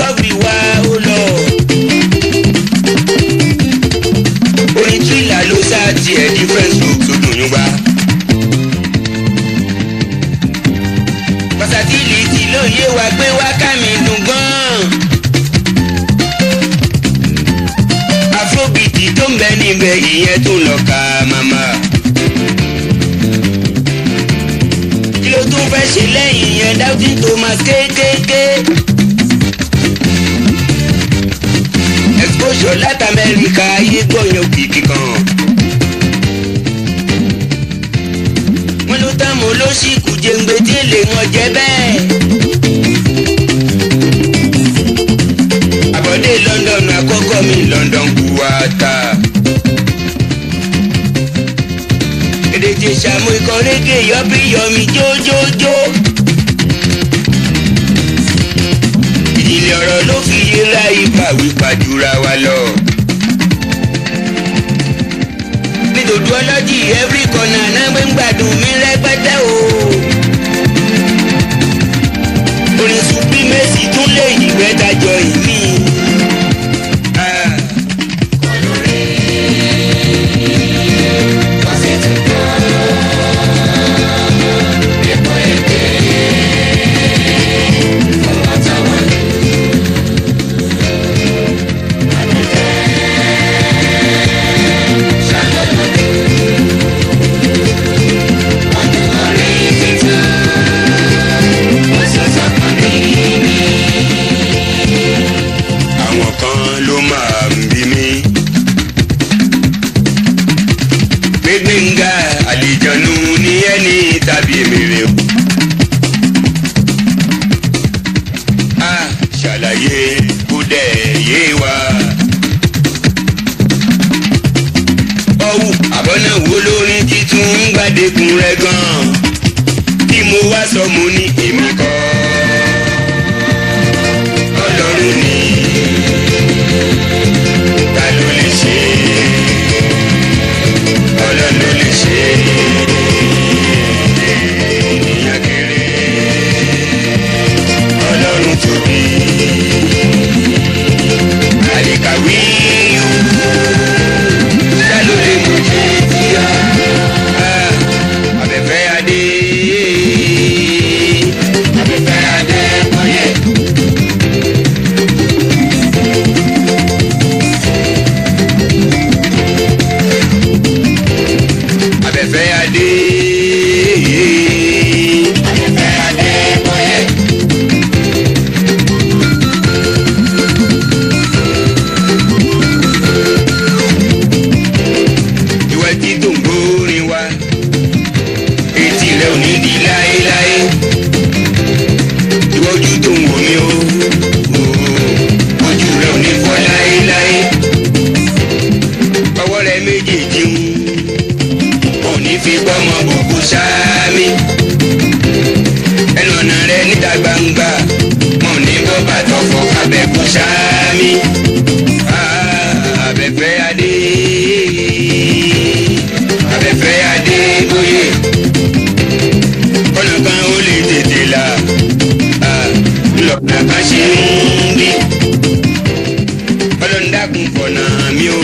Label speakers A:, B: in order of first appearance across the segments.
A: tọ́gbì wá ó lọ. orin tírìlà ló sáà tiẹ̀ different look tó dùn yín wá. pàṣàtìlì ti lóye wa pé wákà mi dùn gan-an. afrobeat tó ń bẹ níbẹ̀ ìyẹn tó lọ ka màmá. kí ló tún fẹ́ ṣe lẹ́yìn yẹn dáúdí tó máa kéékèèké. gbòòsò láti amẹ́ríkà yìí gbòòyàn òkìkí kan. wọ́n ló tá mo ló sì kù jẹ́ngbẹ́ tí èlé wọn jẹ́ bẹ́ẹ̀. àbọ̀dé London àkọ́kọ́ mi London kú wa ta. èdè tí sàmú ikọ̀ rége yọ bí yọ mi jójójó. wí pàjùra wa lọ. nítòdú ọlọ́jì every corner náà gbé ń gbàdùn mí rẹ́pẹ́tẹ́ o. orin supremacy tún lè yí rẹ́dájọ́ ìmí. gbégbéǹga àlìjọ̀nù ní ẹni tàbí mèrè o. a ṣàlàyé kúdẹ̀ yé wa. ọ̀wù àbọ̀nà wo lórin títún ń gbàdékun rẹ̀ gan-an. bí mo wá sọ mo ní èmi kọ́. Brasil. nàkà ṣe ń bí ọlọ́ńdàkùn fọ̀nà mi ò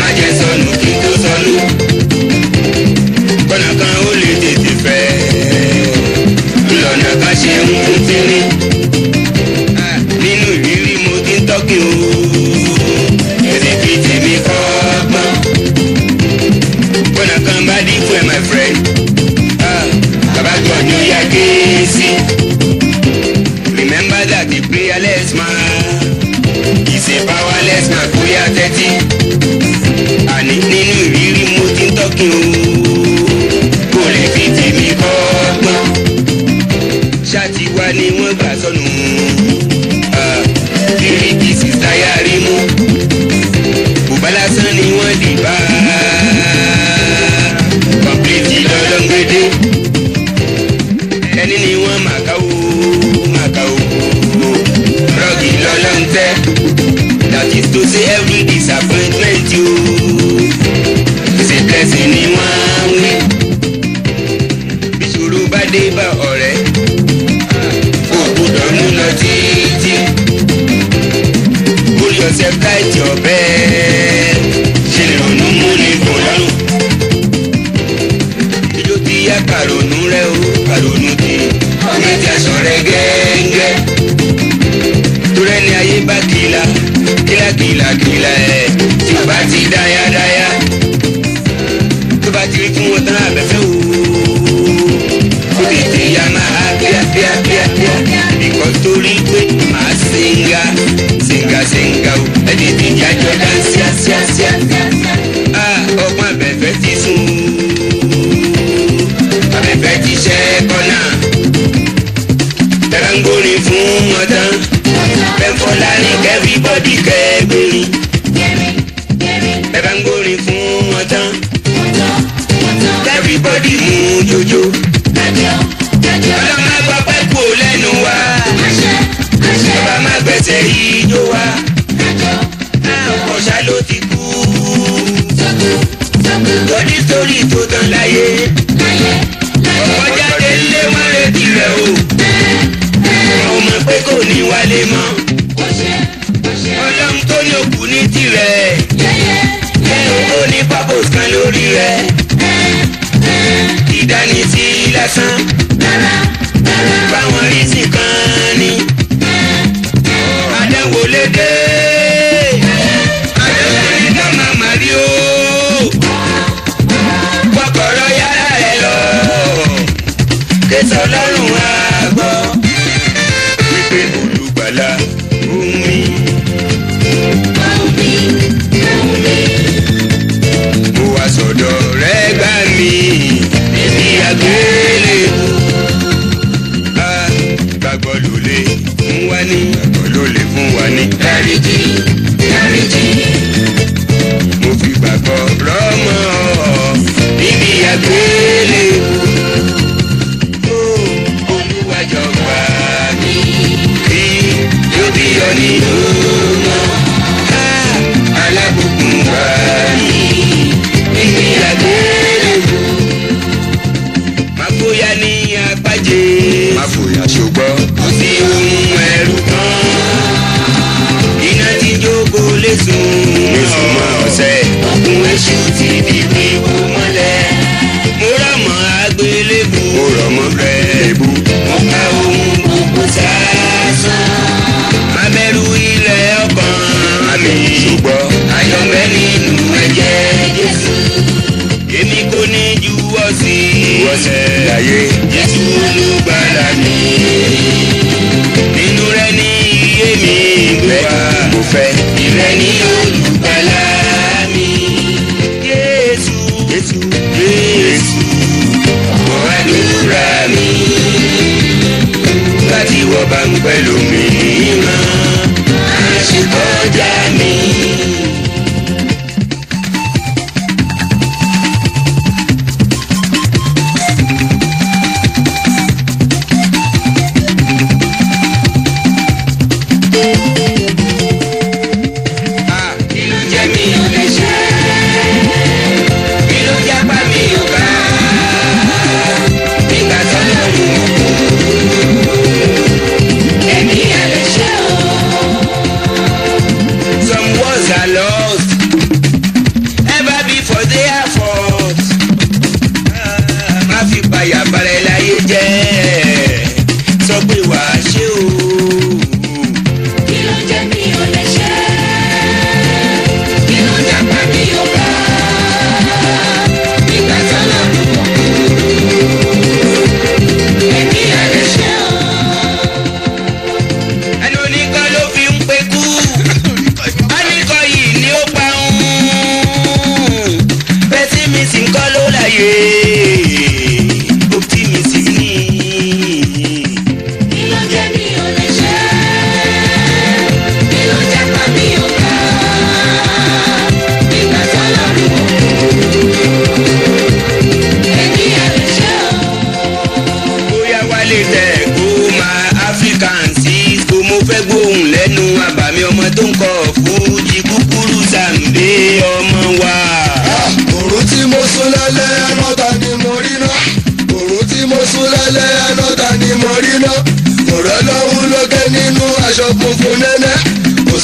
A: má jẹ́ sọnù kí ti ń tọ́kì o ẹ̀sìnkì tèmi kọ́ gbọ́n kọ́nà kan bá dín fún ẹ my friend. wọ́n di bá. kọ́mpìtì lọ́dọ̀ ń gbédé ẹni ni wọ́n máa káwó máa káwó gbogbo that is to say every disappointment you is a blessing ni wọ́n wí. ìṣòro bá dé bá ọ̀rẹ́ kò gbọdọ̀ mú lọ pull yourself tight your bed. kàrònú rẹ o kàrònú kí ọmọ ẹtì àṣọ rẹ gẹ́gẹ́ torí ẹni ayé bá kila kìlà kìlà kìlà ẹ̀ tí bá ti dáyà dáyà tó bá ti rí kí wọ́n tán abẹ́fẹ́ wò ó tètè yá máa bíá bíá bíá bíá ìkọ́ torí pé màá ṣe ń ga ṣe ń ga ṣe ń òjòjò. ọlọ́mọ gbọ́pẹ́ kú lẹ́nu wa ọba má gbèsè yìí jó wa ọ̀ṣà ló ti kú. lórí sórí tó tán láyé ọkọ̀ jáde ńlé wọn retí rẹ̀ o àwọn ọmọ pé kò ní wálé mọ́ ọlọ́run tó ní òkú ní tirẹ̀ ẹ̀ ò ní pápó kan lórí rẹ̀ dání sí lásán. báwọn rí sí kan ni. àdánwò lédè. àdánwò ní dánmà màrí o. kọ́kọ́rọ́ yàrá ẹ lọ. kẹsàn-án rẹ gbà mí. lè ṣùgbọ́n àyànfẹ́ nínú ẹ̀jẹ̀ Jésù èmi kò ní juwọ́ sí ìwọ́sẹ̀ láyé Jésù olùgbàlà mi nínú rẹ ní iye mi gbé wá mo fẹ́ ìrẹ ní olùgbàlà mi Jésù Jésù Jésù ọ̀pọ̀ àdúrà mi bá wọ́n bá ń pẹ́ lómi ìran.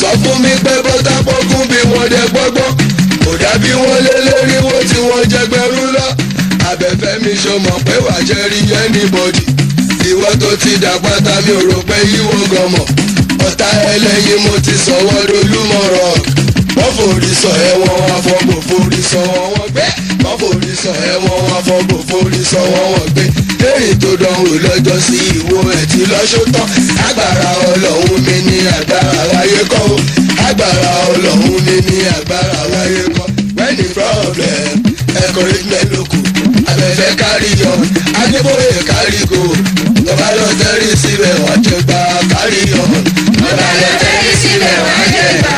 A: sọ fún mi pé bọ́tà pọ́kún bí wọ́n dẹ gbọ́gbọ́ kò dàbí wọ́n lé léríwó tí wọ́n jẹ gbẹrún lọ abẹ́fẹ́ mi ṣo mọ̀ pé wà á jẹ́ rí anybody ìwọ tó ti dà pátá mi ò rò pé yíwọ́ gan mọ̀ ọ̀tá ẹlẹ́yin mo ti sọ̀wọ́ dolúmọ̀rọ̀ wọ́n forí sọ ẹ̀wọ̀n wọn fọ́gbọ̀n forí sọ wọn wọn gbé wọ́n forí sọ ẹ̀wọ̀n wọn fọ́gbọ̀n forí sọ wọn wọn gbé béèrè tó dánwò lọ́jọ́ sí ìwo ẹ̀tí lọ́ṣọ́ tán agbára ọlọ́run mi ní agbára wáyé kọ́ o agbára ọlọ́run mi ní agbára wáyé kọ́ when the problem encouragement ló kù abẹ́fẹ́ kárí yọ adébóyè kárí go bàbá lọ tẹ́rí síbẹ̀ wọ́n jẹ gbà kárí yọ
B: bàbá lọ tẹ́rí síbẹ̀ wọ́n jẹ
A: gbà.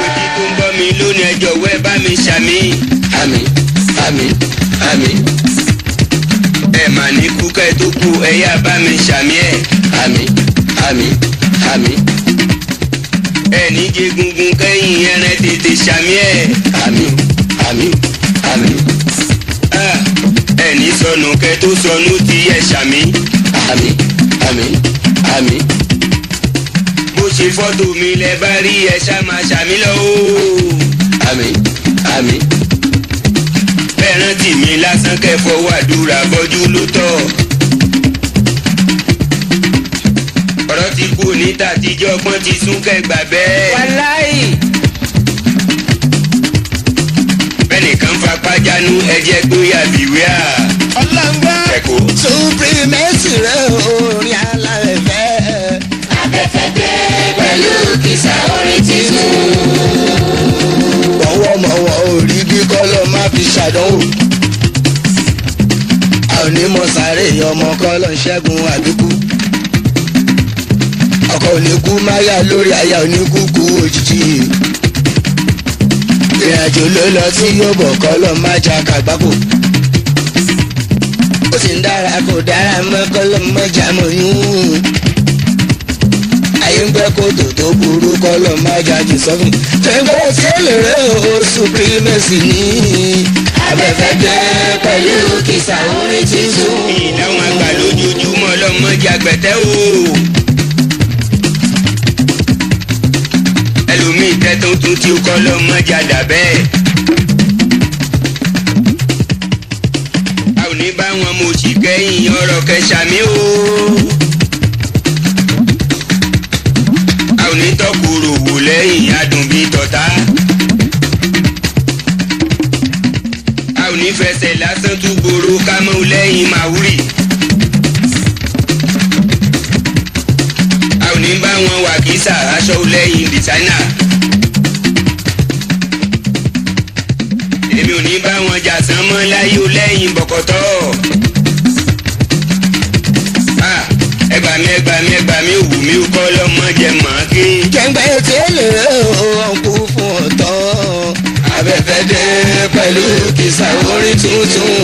A: wípé tó ń bọ́ mi lónìí ẹjọ́ wẹ́ bá mi ṣàmì. àmì àmì àmì ẹ mà ní kúkẹ́ tó kú ẹ yá bá mi ṣàmì ẹ̀ àmì àmì àmì ẹni jẹgungun kẹ́yìn ẹrẹ tètè ṣàmì ẹ̀ àmì àmì àmì ẹni sọnù kẹ tó sọnù ti yẹ ṣàmì àmì àmì àmì bó ṣe fọ́tò mi lẹ bá rí ẹ ṣá máa ṣàmì lọ́wọ́ àmì àmì bẹ́ẹ̀ rántí mi lásán kẹ́fọ́ wàdúrà bọ́jú ló tọ́. ọ̀rọ̀ ti kú níta tíjọ́ ọgbọ́n ti sún kẹgbà bẹ́ẹ̀. wàláì. bẹ́nìkan fapá jánu ẹ̀jẹ̀ gbóyà bìwíà. ọlọ́ngbà supremacy rẹ̀ orin alárẹ̀fẹ́. abẹ́fẹ́ dé pẹ̀lú kìsà orin titun kí kọ́lọ́ má fi ṣàdánwò. a ò ní mọ sáré ọmọ kọ́lọ́ ṣẹ́gun àbíkú. ọkọ ò ní kú máyà lórí aya ò ní kú kú òjijì. ìrìn àjò ló lọ sí yóòbọ̀ kọ́lọ́ má jà kàgbákò. ó sì ń dára kò dára mọ́ kọ́lọ́ mọ́jà mọ́ yún ayé ń gbẹ́ kòtò tó burú kọ́ lọ má jáde sọ́fún. tẹ̀gbọ́n òṣèlè rẹ̀ o supremacy ní. abẹ́fẹ́ gbẹ pẹ̀lú kìsà orin títún. ìdáhùn àgbà lójoojúmọ́ lọ́mọ jàgbẹ́tẹ́ o. ẹlòmíì tẹ́ tuntun tí ó kọ́ lọ́mọ jàdà bẹ́ẹ̀. a ò ní mo sì kẹ́yìn ọ̀rọ̀ kẹsàmí o. lẹ́yìn adùn bíi tọ̀tá. a ò ní fẹsẹ̀ lásán tún gbòòrò ká mọ́ lẹ́yìn màwúrì. a ò ní bá wọn wà kísà aṣọ lẹ́yìn dìsáínà. èmi ò ní bá wọn jà sánmọ́ láyé lẹ́yìn bọ̀kọ̀tọ́. ẹgbàmí ah, ẹgbàmí ẹgbàmí òwú mi kọ́ lọ́mọ jẹ̀mú ògì. jẹ̀ǹgbẹ́ òkèlè ọ̀nkú fún ọ̀tọ̀. abẹ́fẹ́ dé pẹ̀lú kìsà orí tuntun.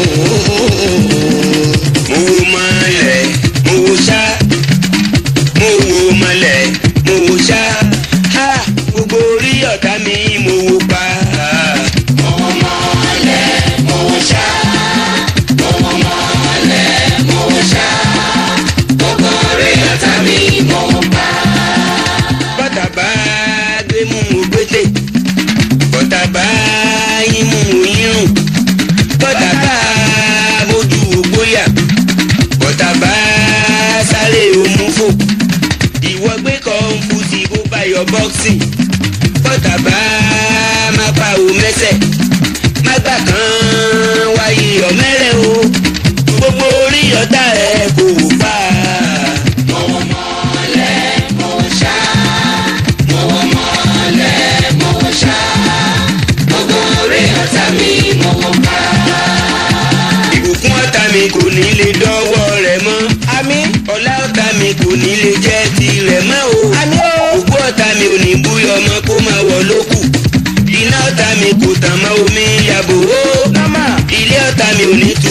A: lọ bọ́ksì bọ́tà bá má pa ò mẹ́sẹ̀ má gbà kan wáyé ọ̀mẹ́rẹ̀ o gbogbo orí ọ̀tá rẹ̀ kò wò pa. mi kò ní lè dọ́wọ́ rẹ̀ mọ́ àmín ọlá ọ̀tá mi kò ní lè jẹ́. Bonito.